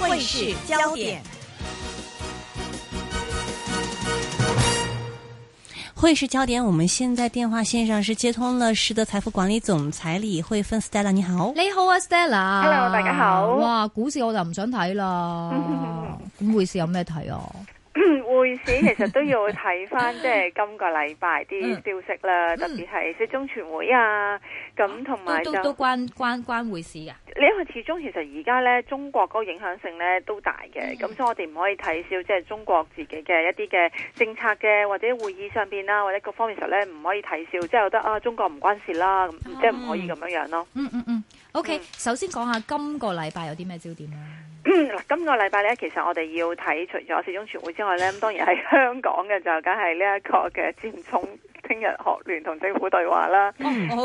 匯市焦點，匯市焦點。我們現在電話線上是接通了實德財富管理總裁李慧芬 Stella，你好，你好啊 Stella，Hello，大家好。哇，股市我就唔想睇咯，咁 匯市有咩睇啊？匯市其實都要睇翻，即係今個禮拜啲消息啦， 嗯嗯、特別係四中全會啊，咁同埋就都，都，都關關關匯市噶。你因為始終其實而家咧，中國嗰個影響性咧都大嘅，咁、嗯、所以我哋唔可以睇少，即係中國自己嘅一啲嘅政策嘅或者會議上邊啦，或者各方面時候咧，唔可以睇少，即係覺得啊，中國唔關事啦，咁即係唔可以咁樣樣咯。嗯嗯嗯，OK，嗯首先講下今個禮拜有啲咩焦點啦、啊。嗱、嗯，今個禮拜咧，其實我哋要睇除咗四中全會之外咧，咁當然係香港嘅就梗係呢一個嘅佔中，聽日學聯同政府對話啦。咁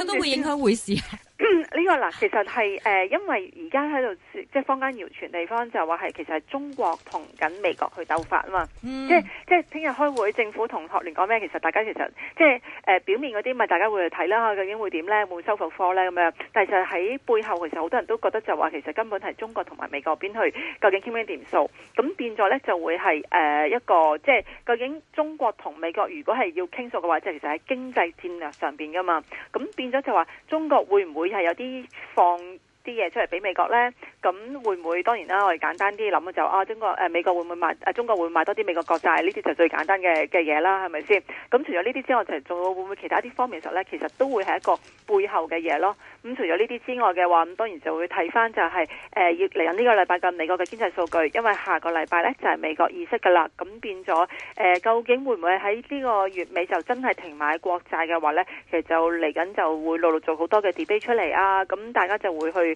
好，都會影響匯市。 呢、嗯這個嗱，其實係誒、呃，因為而家喺度即係坊間謠傳地方就話係，其實係中國同緊美國去鬥法啊嘛。嗯、即係即係聽日開會，政府同學聯講咩？其實大家其實即係誒、呃、表面嗰啲，咪大家會去睇啦。究竟會點咧？會修復科咧咁樣？但係就喺背後，其實好多人都覺得就話，其實根本係中國同埋美國邊去究竟傾邊點數？咁變咗咧，就會係誒、呃、一個即係究竟中國同美國如果係要傾數嘅話，即係其實喺經濟戰略上面噶嘛？咁變咗就話中國會唔會？佢係有啲放。啲嘢出嚟俾美國呢，咁會唔會當然啦、啊？我哋簡單啲諗就啊，中國誒、呃、美國會唔會買？啊中國會買多啲美國國債？呢啲就最簡單嘅嘅嘢啦，係咪先？咁除咗呢啲之外，其實就仲會唔會其他啲方面嘅時候咧？其實都會係一個背後嘅嘢咯。咁除咗呢啲之外嘅話，咁當然就會睇返就係誒要嚟緊呢個禮拜嘅美國嘅經濟數據，因為下個禮拜呢，就係、是、美國議息嘅啦。咁變咗誒、呃，究竟會唔會喺呢個月尾就真係停買國債嘅話呢？其實就嚟緊就會陸陸續續做好多嘅 debate 出嚟啊！咁大家就會去。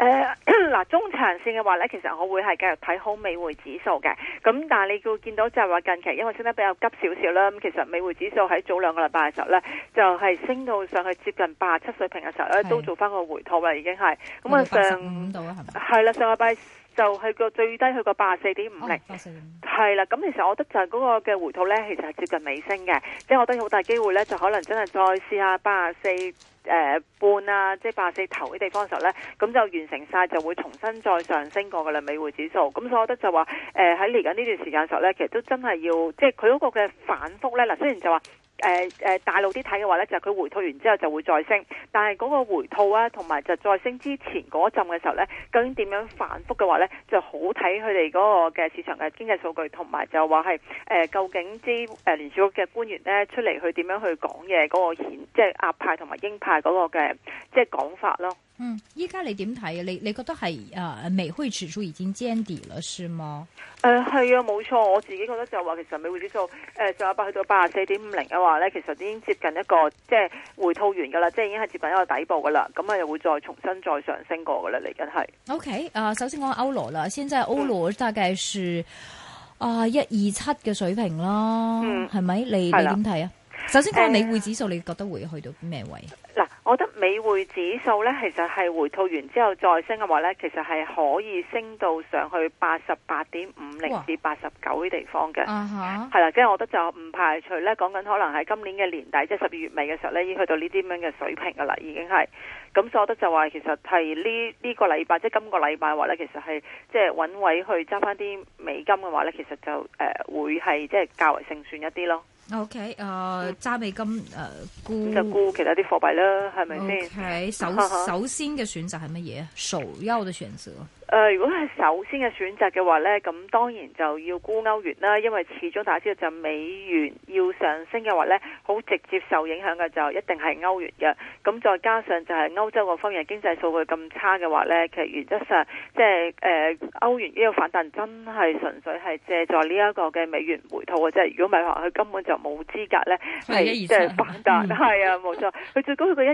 誒，嗱、uh, 中長線嘅話咧，其實我會係繼續睇好美匯指數嘅。咁但係你會見到，就係話近期因為升得比較急少少啦，咁其實美匯指數喺早兩個禮拜嘅時候咧，就係、是、升到上去接近八十七水平嘅時候咧，的都做翻個回吐啦，已經係。咁啊的，上五到啦，係啦，上個禮拜就去個最低去到八十四點五零。八十四係啦，咁其實我覺得就係嗰個嘅回吐咧，其實係接近尾聲嘅，即係我都覺得好大機會咧，就可能真係再試下八十四。誒、呃，半啊，即係八四頭嘅地方嘅時候咧，咁就完成晒，就會重新再上升過噶啦，美匯指數。咁所以我覺得就話，誒喺嚟緊呢段時間時候咧，其實都真係要，即係佢嗰個嘅反覆咧。嗱，雖然就話。誒誒、呃呃，大陸啲睇嘅話咧，就佢、是、回吐完之後就會再升，但係嗰個回吐啊，同埋就再升之前嗰陣嘅時候咧，究竟點樣反復嘅話咧，就好睇佢哋嗰個嘅市場嘅經濟數據，同埋就話係誒，究竟啲誒聯儲局嘅官員咧出嚟，去點樣去講嘢嗰個顯，即係鴿派同埋鷹派嗰個嘅即係講法咯。嗯，依家你點睇啊？你你覺得係誒、啊、美匯指數已經見底啦是嗎？誒係啊，冇錯，我自己覺得就係話，其實美匯指數誒上一八去到八十四點五零嘅話咧，其實已經接近一個即係回吐完噶啦，即係已經係接近一個底部噶啦，咁啊又會再重新再上升過噶啦，嚟緊係。OK，啊、呃，首先講歐羅啦，先即係歐羅大概係啊一二七嘅水平啦，係咪、嗯？你的你點睇啊？首先講美匯指數，呃、你覺得會去到咩位？嗱。我覺得美匯指數咧，其實係回吐完之後再升嘅話咧，其實係可以升到上去八十八點五零至八十九嘅地方嘅，係啦、uh，即、huh. 係我覺得就唔排除咧，講緊可能係今年嘅年底，即係十二月尾嘅時候咧，已經去到呢啲咁樣嘅水平噶啦，已經係。咁所以我覺得就話，其實係呢呢個禮拜，即係今個禮拜的話咧，其實係即係搵位去揸翻啲美金嘅話咧，其實就誒、呃、會係即係較為勝算一啲咯。O、okay, K，呃、揸美金、嗯、呃沽就沽其他啲貨幣啦，係咪先？O K，首首先嘅選擇係乜嘢？啊、哈首要嘅選擇。誒、呃，如果係首先嘅選擇嘅話咧，咁當然就要沽歐元啦，因為始終大家知道就美元要上升嘅話咧，好直接受影響嘅就一定係歐元嘅。咁再加上就係歐洲個方面經濟數據咁差嘅話咧，其實原則上即係誒歐元呢個反彈真係純粹係借助呢一個嘅美元回吐嘅啫。如果唔係話佢根本就冇資格咧，係即係反彈，係、嗯、啊，冇錯，佢最高去過一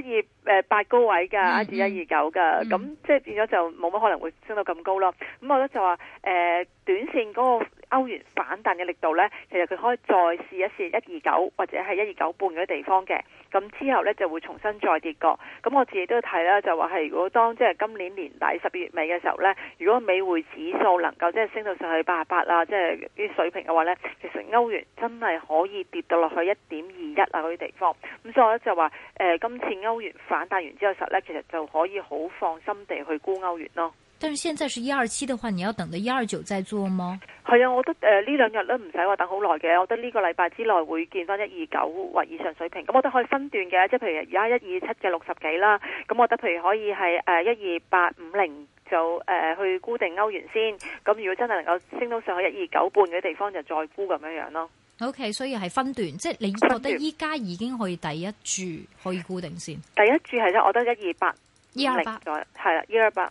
二誒八高位㗎，嗯嗯至一二九㗎。咁即係變咗就冇乜可能會升到咁高咯，咁我咧就話，誒、呃，短線嗰個歐元反彈嘅力度呢，其實佢可以再試一試一二九或者係一二九半嗰啲地方嘅，咁之後呢，就會重新再跌過。咁我自己都睇啦，就話係如果當即係、就是、今年年底十二月尾嘅時候呢，如果美匯指數能夠即係升到上去八十八啊，即係啲水平嘅話呢，其實歐元真係可以跌到落去一點二一啊嗰啲地方。咁所以我咧就話，誒、呃，今次歐元反彈完之後實呢，其實就可以好放心地去沽歐元咯。但係現在是一二七的話，你要等到一二九再做嗎？係啊，我覺得誒呢、呃、兩日都唔使話等好耐嘅，我覺得呢個禮拜之內會見翻一二九或以上水平。咁我覺得可以分段嘅，即係譬如而家一二七嘅六十幾啦，咁我覺得譬如可以係誒一二八五零就誒、呃、去固定歐元先。咁如果真係能夠升到上去一二九半嘅地方，就再估咁樣樣咯。OK，所以係分段，即係你覺得依家已經可以第一注可以固定先？完第一注係咯，我覺得一二八二零左右，係啦，一二八。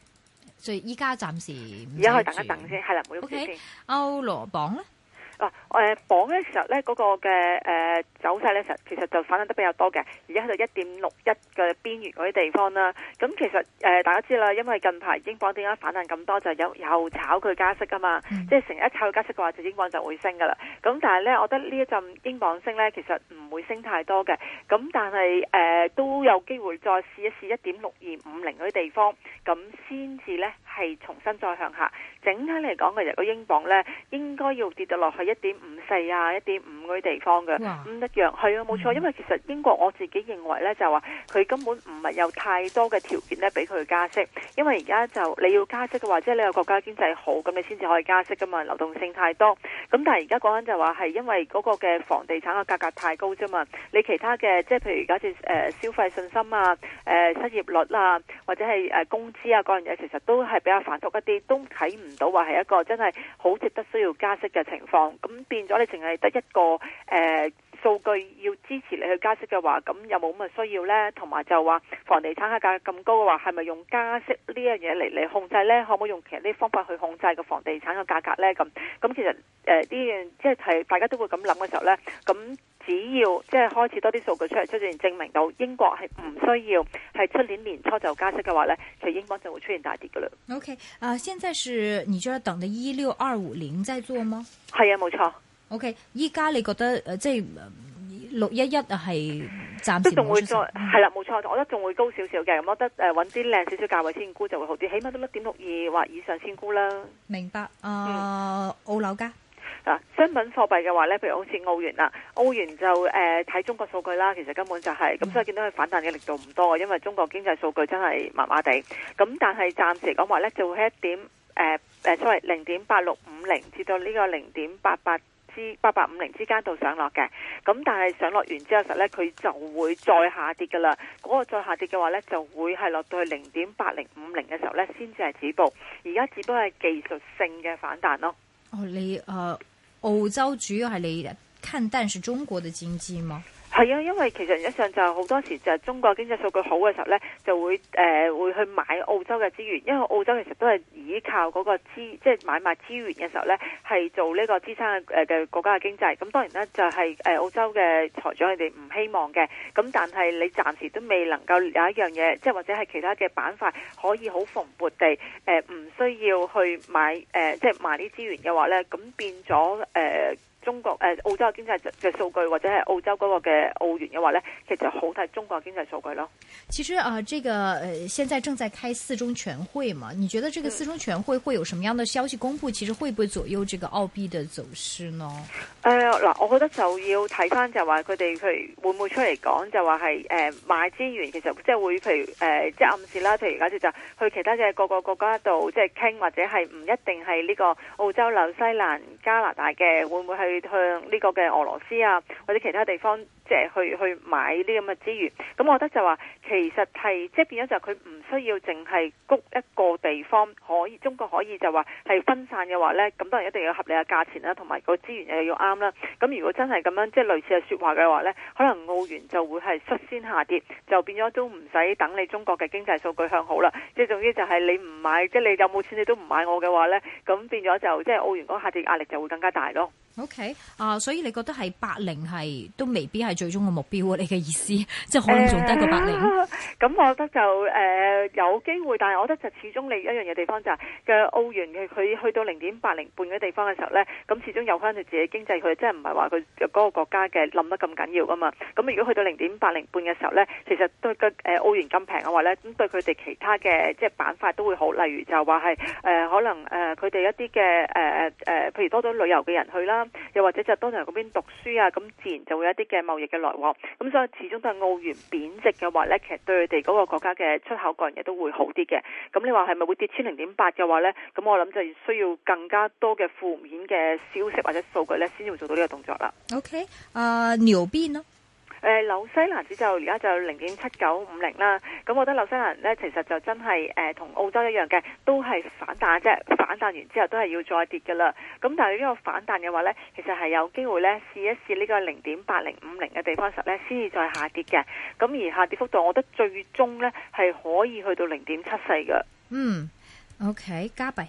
最依家暫時而家可以等一等先，係啦，唔好郁住先。歐羅榜咧，嗱，誒，榜嘅時候咧，嗰、那個嘅誒、呃、走勢咧，實其實就反彈得比較多嘅，而家喺度一點六一嘅邊緣嗰啲地方啦。咁其實誒、呃，大家知啦，因為近排英鎊點解反彈咁多，就有又炒佢加息噶嘛，嗯、即係成日一炒佢加息嘅話，就英鎊就會升噶啦。咁但係呢，我覺得呢一陣英鎊升呢，其實唔會升太多嘅。咁但係、呃、都有機會再試一試一點六二五零嗰啲地方，咁先至呢，係重新再向下。整體嚟講嘅日個英鎊呢，應該要跌到落去一點五四啊，一點五。啲地方嘅，唔一樣。係啊，冇錯。因為其實英國我自己認為咧，就話佢根本唔係有太多嘅條件咧，俾佢加息。因為而家就你要加息嘅話，即係你個國家經濟好，咁你先至可以加息噶嘛，流動性太多。咁但係而家講緊就話係因為嗰個嘅房地產嘅價格太高啫嘛，你其他嘅即係譬如假設誒消費信心啊、誒、呃、失業率啊或者係誒工資啊嗰樣嘢，其實都係比較繁複一啲，都睇唔到話係一個真係好值得需要加息嘅情況。咁變咗你淨係得一個。誒，數、呃、據要支持你去加息嘅話，咁有冇咁嘅需要呢？同埋就話房地產價格咁高嘅話，係咪用加息呢樣嘢嚟嚟控制呢？可唔可以用其實呢方法去控制個房地產嘅價格呢？咁咁其實誒呢樣即係大家都會咁諗嘅時候呢。咁只要即係開始多啲數據出嚟，出現證明到英國係唔需要係出年年初就加息嘅話呢，其實英鎊就會出現大跌噶啦。OK 啊、uh,，現在是你就要等一六二五零再做嗎？係啊，冇錯。O K，依家你覺得誒，即係六一一係暫時都仲會再係啦，冇錯、啊，我覺得仲會高少少嘅。咁、嗯嗯嗯、我覺得誒，揾啲靚少少價位先沽就會好啲，起碼都一點六二或以上先沽啦。明白？誒、呃、嗯、澳紐加嗱，商品貨幣嘅話咧，譬如好似澳元啦，澳元就誒睇、呃、中國數據啦，其實根本就係、是、咁，所以見到佢反彈嘅力度唔多嘅，因為中國經濟數據真係麻麻地。咁但係暫時講話咧，就會喺一點誒誒，sorry，零點八六五零至到呢個零點八八，八八五零之間度上落嘅，咁但係上落完之後實咧，佢就會再下跌噶啦。嗰個再下跌嘅話咧，就會係落到去零點八零五零嘅時候咧，先至係止步。而家只不過係技術性嘅反彈咯。哦，你誒，澳、呃、洲主要係你看淡是中國嘅經濟嘛？係啊，因為其實一上就好多時就係中國經濟數據好嘅時候呢就會誒、呃、會去買澳洲嘅資源，因為澳洲其實都係依靠嗰個資即係買賣資源嘅時候呢係做呢個支撐嘅國家嘅經濟。咁當然咧就係、是呃、澳洲嘅財長佢哋唔希望嘅，咁但係你暫時都未能夠有一樣嘢，即、就、係、是、或者係其他嘅板塊可以好蓬勃地誒唔、呃、需要去買誒即係賣啲資源嘅話呢咁變咗誒。呃中國誒澳洲經濟嘅數據或者係澳洲嗰個嘅澳元嘅話咧，其實好睇中國嘅經濟數據咯。其實啊，這個誒，現在正在開四中全會嘛？你覺得這個四中全會會有什麼樣嘅消息公布？其實會唔會左右這個澳幣嘅走勢呢？誒嗱、嗯呃，我覺得就要睇返就話佢哋佢會唔會出嚟講就話係誒買資源，其實即係會譬如誒、呃、即係暗示啦，譬如假設就去其他嘅各個國家度即係傾，或者係唔一定係呢個澳洲、紐西蘭、加拿大嘅會唔會去？向呢個嘅俄羅斯啊，或者其他地方，即係去去買啲咁嘅資源，咁我覺得就話其實係即係變咗就佢唔需要淨係谷一個地方可以，中國可以就話係分散嘅話呢，咁當然一定要合理嘅價錢啦，同埋個資源又要啱啦。咁如果真係咁樣即係類似嘅說話嘅話呢，可能澳元就會係率先下跌，就變咗都唔使等你中國嘅經濟數據向好啦。即係總之就係你唔買，即係你有冇錢你都唔買我嘅話呢，咁變咗就即係澳元嗰下跌壓力就會更加大咯。O K，啊，okay, uh, 所以你覺得係八零係都未必係最終嘅目標啊？你嘅意思即係可能仲低過八零、uh, 嗯。咁我覺得就誒、uh, 有機會，但係我覺得就始終另一樣嘢地方就係、是、嘅澳元嘅佢去，去到零點八零半嘅地方嘅時候咧，咁、嗯、始終有翻佢自己經濟，佢真係唔係話佢嗰個國家嘅冧得咁緊要噶嘛？咁、嗯、如果去到零點八零半嘅時候咧，其實對嘅誒、呃、澳元咁平嘅話咧，咁、嗯、對佢哋其他嘅即係板塊都會好，例如就話係誒可能誒佢哋一啲嘅、呃呃、譬如多咗旅遊嘅人去啦。又或者就多人嗰邊讀書啊，咁自然就會有一啲嘅貿易嘅來往，咁所以始終都係澳元貶值嘅話呢，其實對佢哋嗰個國家嘅出口嗰人嘢都會好啲嘅。咁你話係咪會跌穿零點八嘅話呢？咁我諗就需要更加多嘅負面嘅消息或者數據呢，先會做到呢個動作啦。OK，啊，紐幣呢？誒，紐西蘭指就而家就零點七九五零啦，咁我覺得紐西蘭呢，其實就真係誒同澳洲一樣嘅，都係反彈啫，反彈完之後都係要再跌噶啦。咁但係呢個反彈嘅話呢，其實係有機會呢試一試呢個零點八零五零嘅地方時呢，先至再下跌嘅。咁而下跌幅度，我覺得最終呢係可以去到零點七四嘅。嗯，OK，加幣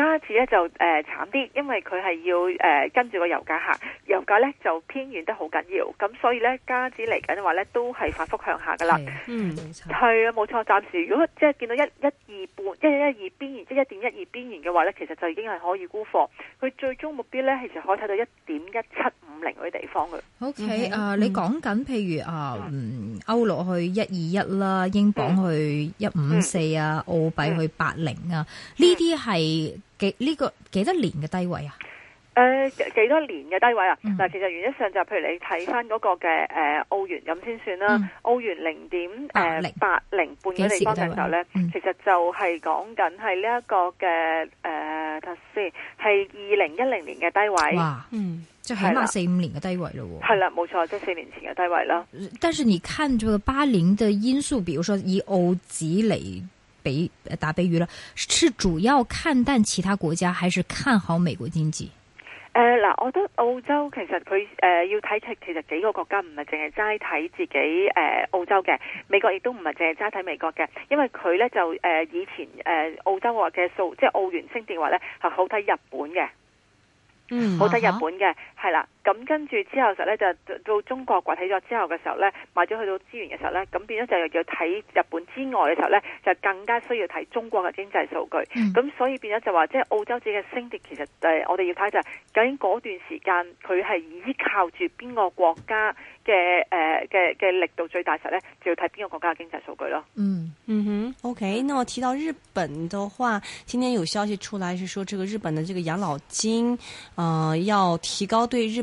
加紙咧就誒、呃、慘啲，因為佢係要誒、呃、跟住個油價行，油價咧就偏軟得好緊要，咁所以咧加紙嚟緊嘅話咧都係反覆向下㗎喇。嗯，冇錯，啊，冇錯。暫時如果即係見到一一二半，一一二邊緣即係一點一二邊緣嘅話咧，其實就已經係可以沽貨。佢最終目標咧，其實可以睇到一點一七五零嗰啲地方嘅。O K 啊，hmm. uh, 你講緊譬如啊，uh, 歐羅去一二一啦，英鎊去一五四啊，mm hmm. 澳幣去八零啊，呢啲係。Hmm. 幾呢、這個幾多年嘅低位啊？誒、呃，幾多年嘅低位啊？嗱、嗯，其實原則上就是、譬如你睇翻嗰個嘅誒澳元咁先算啦。澳、嗯、元零點誒八零半嘅地方嘅時候咧，的嗯、其實就係講緊係呢一個嘅誒特先係二零一零年嘅低位。哇，嗯，即係起碼四五年嘅低位咯。係啦，冇錯，即係四年前嘅低位啦。但是你睇住八零嘅因素，比如說以澳紙嚟。北打北娛啦，是主要看淡其他國家，還是看好美國經濟？誒嗱、呃，我覺得澳洲其實佢誒、呃、要睇出其實幾個國家唔係淨係齋睇自己誒、呃、澳洲嘅，美國亦都唔係淨係齋睇美國嘅，因為佢咧就誒、呃、以前誒、呃、澳洲話嘅數，即係澳元升跌話咧係好睇日本嘅，嗯，好睇日本嘅係啦。啊哈咁跟住之後時呢，實咧就到中國崛起咗之後嘅時候咧，買咗去到資源嘅時候咧，咁變咗就又要睇日本之外嘅時候咧，就更加需要睇中國嘅經濟數據。咁、嗯、所以變咗就話，即係澳洲自己嘅升跌，其實我哋要睇就係、是、究竟嗰段時間佢係依靠住邊個國家嘅嘅嘅力度最大時候咧，就要睇邊個國家嘅經濟數據咯。嗯嗯哼，OK。那我提到日本的話，今天有消息出來，是說這個日本嘅這個養老金，啊、呃，要提高對日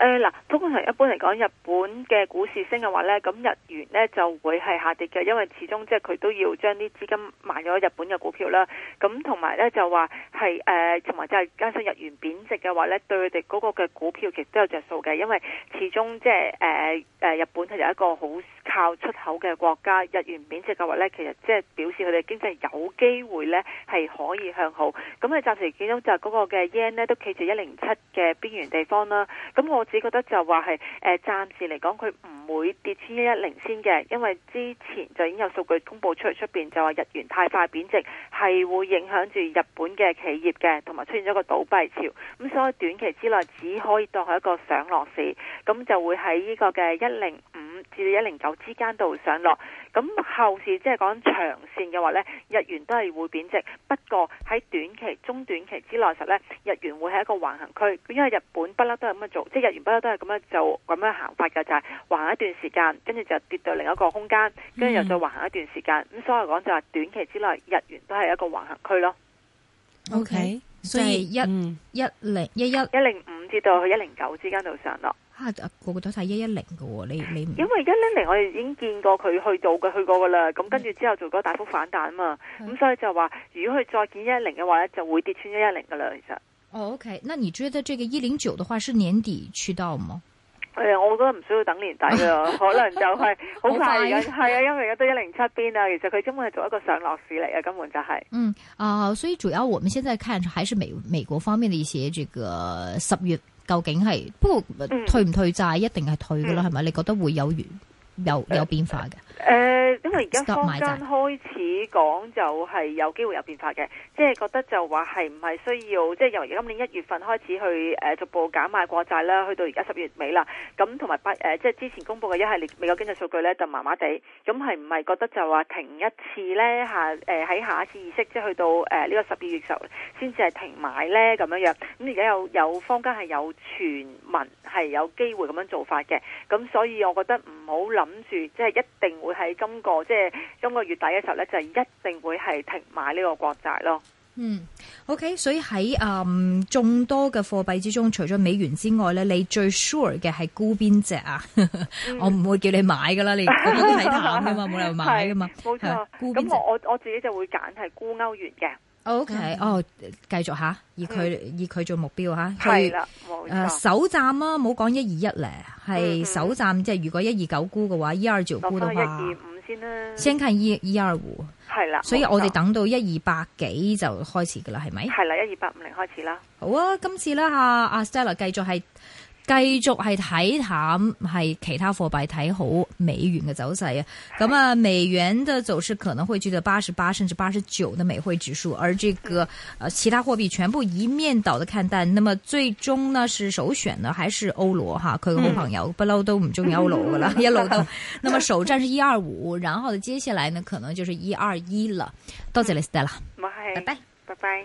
誒嗱，通常一般嚟講，日本嘅股市升嘅話咧，咁日元咧就會係下跌嘅，因為始終即係佢都要將啲資金賣咗日本嘅股票啦。咁同埋咧就話係誒，同、呃、埋就係加上日元貶值嘅話咧，對佢哋嗰個嘅股票其實都有著數嘅，因為始終即係誒日本係有一個好靠出口嘅國家，日元貶值嘅話咧，其實即係表示佢哋經濟有機會咧係可以向好。咁啊暫時見到就係嗰個嘅 yen 都企住一零七嘅邊緣地方啦。咁我，只覺得就話係誒，暫、呃、時嚟講佢唔會跌穿一一零先嘅，因為之前就已經有數據公布出出面就話日元太快貶值係會影響住日本嘅企業嘅，同埋出現咗個倒閉潮，咁所以短期之內只可以當係一個上落市，咁就會喺呢個嘅一零五。至一零九之間度上落，咁後市即係講長線嘅話呢，日元都係會貶值。不過喺短期，中短期之內，實呢，日元會係一個橫行區，因為日本不嬲都係咁樣做，即係日元不嬲都係咁樣做，咁樣行法嘅，就係，是，橫一段時間，跟住就跌到另一個空間，跟住，mm. 又再橫行一段時間。咁所以講就係短期之內，日元都係一個橫行區咯。O Okay . K，所以一、一零以，一一，um,、一零五至到去一零九之間度上落。個、啊、個都睇一一零嘅，你你因為一一零我哋已經見過佢去到嘅，去過噶啦，咁跟住之後做嗰個大幅反彈嘛，咁、嗯、所以就話如果佢再見一一零嘅話咧，就會跌穿一一零噶啦。其實、哦、，O、okay. K，那你覺得這個一零九嘅話是年底去到嗎？誒、哎，我覺得唔需要等年底嘅， 可能就係好快嘅，係啊，因為而家都一零七邊啦。其實佢根本係做一個上落市嚟嘅，根本就係、是、嗯啊、呃，所以主要我們現在看還是美美國方面的一些這個十月。究竟係不過退唔退債一定係退㗎喇，係咪？你覺得會有緣？有有變化嘅，誒、呃呃，因為而家坊間開始講就係有機會有變化嘅，即係覺得就話係唔係需要，即係由今年一月份開始去逐步減買國債啦，去到而家十月尾啦，咁同埋即係之前公布嘅一系列美國經濟數據咧，就麻麻地，咁係唔係覺得就話停一次咧？下喺、呃、下一次意識，即係去到呢、呃這個十二月時候先至係停買咧咁樣樣。咁而家有有坊間係有傳聞係有機會咁樣做法嘅，咁所以我覺得唔好諗。諗住即係一定會喺今個即係、就是、今個月底嘅時候咧，就一定會係停買呢個國債咯。嗯，OK，所以喺誒眾多嘅貨幣之中，除咗美元之外咧，你最 sure 嘅係沽邊隻啊？嗯、 我唔會叫你買噶啦，你係睇下佢話冇理由買噶嘛，冇錯。 咁我我我自己就會揀係沽歐元嘅。OK，哦，繼、okay oh, 續吓，以佢以佢做目標吓，啦誒首站啊，冇講一二一咧，係、hmm. 首站即、就、係、是、如果 gods, 一二九沽嘅話一二九沽嘅話，先翻一二五先啦，升緊 E E R 係啦，的所以我哋等到一二百幾就開始噶啦，係咪？係啦，一二百五零開始啦。好啊，今次啦阿阿 Stella 繼續係。繼續係睇淡，係其他貨幣睇好美元嘅走勢啊！咁啊，美元的走勢可能會去到八十八甚至八十九的美匯指數，而這個呃其他貨幣全部一面倒的看淡。那麼最終呢，是首選呢，還是歐羅哈？各好朋友，嗯、不嬲都唔中意歐羅噶啦，耶羅都。 那麼首站是一二五，然後呢，接下來呢，可能就是一二一了。多謝晒 Stella 啦，拜拜，拜拜。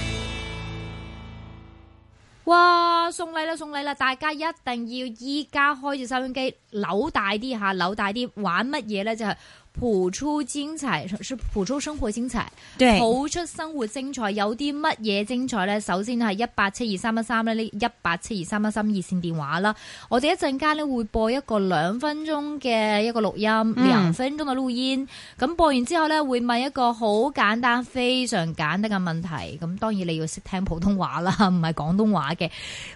哇！送禮啦，送禮啦！大家一定要依家開住收音機，扭大啲吓，扭大啲，玩乜嘢呢？就係、是。鋪出精彩，鋪出生活精彩，好對鋪出生活精彩。有啲乜嘢精彩呢？首先係一八七二三一三咧，呢一八七二三一三熱線電話啦。我哋一陣間呢，會播一個兩分鐘嘅一個錄音，兩分鐘嘅錄音。咁、嗯、播完之後呢，會問一個好簡單、非常簡單嘅問題。咁當然你要識聽普通話啦，唔係廣東話嘅。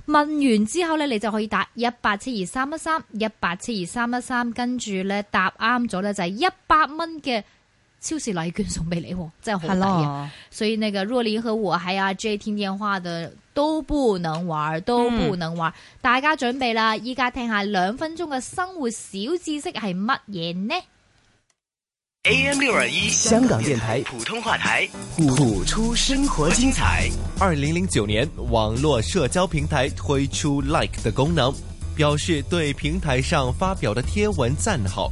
問完之後呢，你就可以打一八七二三一三一八七二三一三，跟住呢，答啱咗呢，就係一。八蚊嘅超市禮券送俾你，哦，真係好抵嘅。Hello. 所以，那個若琳和我係阿 J 聽電話的都不能玩，都不能玩。嗯、大家準備啦，依家聽下兩分鐘嘅生活小知識係乜嘢呢？AM 六二一，香港電台普通話台，譜出生活精彩。二零零九年，網絡社交平台推出 Like 的功能，表示對平台上發表的貼文讚好。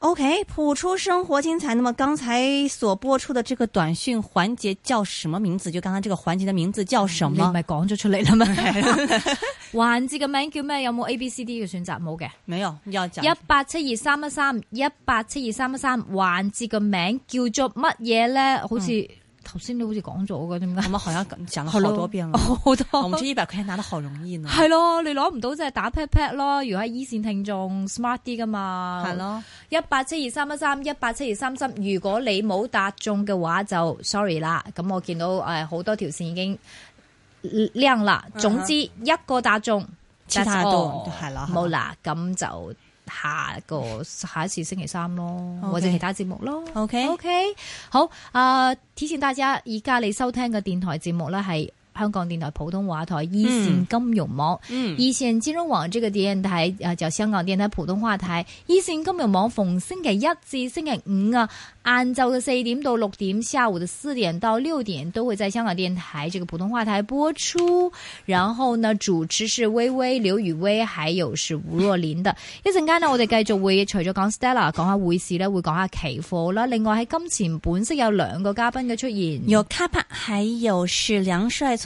OK，普出生活精彩。那麼剛才所播出的這個短訊環節叫什麼名字？就剛剛這個環節的名字叫什麼？你咪講咗出嚟啦嘛？環節個名叫咩？有冇 A、B、C、D 嘅選擇？冇嘅，沒有。沒有要一八七二三一三一八七二三一三，環節個名叫做乜嘢咧？好似。嗯頭先你好似講咗嘅點解？ 我咪行，像講咗好多遍咯，好多。唔知一百塊錢打得好容易啊！係咯， 你攞唔到即係打 pat pat 咯。如果喺二線聽眾 smart 啲噶嘛，係咯的。一八七二三一三一八七二三三，如果你冇打中嘅話就 sorry 啦。咁我見到誒好多條線已經靚啦。總之一個打中 That s 其他都係咯冇啦，咁 all. 就。下個下一次星期三咯，Okay. 或者其他節目咯。OK OK，好。啊、呃，提醒大家，而家你收聽嘅電台節目咧係，香港電台普通話台一線金融網，一線、嗯嗯、金融網這個電台啊就香港電台普通話台一線金融網，逢星期一至星期五啊，晏晝嘅四點到六點，下午嘅四點到六點都會在香港電台這個普通話台播出。然後呢，主持是微微、劉宇威，還有是吳若琳的。 一陣間呢，我哋繼續會除咗講 Stella，講下匯市咧，會講下期貨啦。另外喺金錢本色有兩個嘉賓嘅出現，有卡帕，還有是梁帥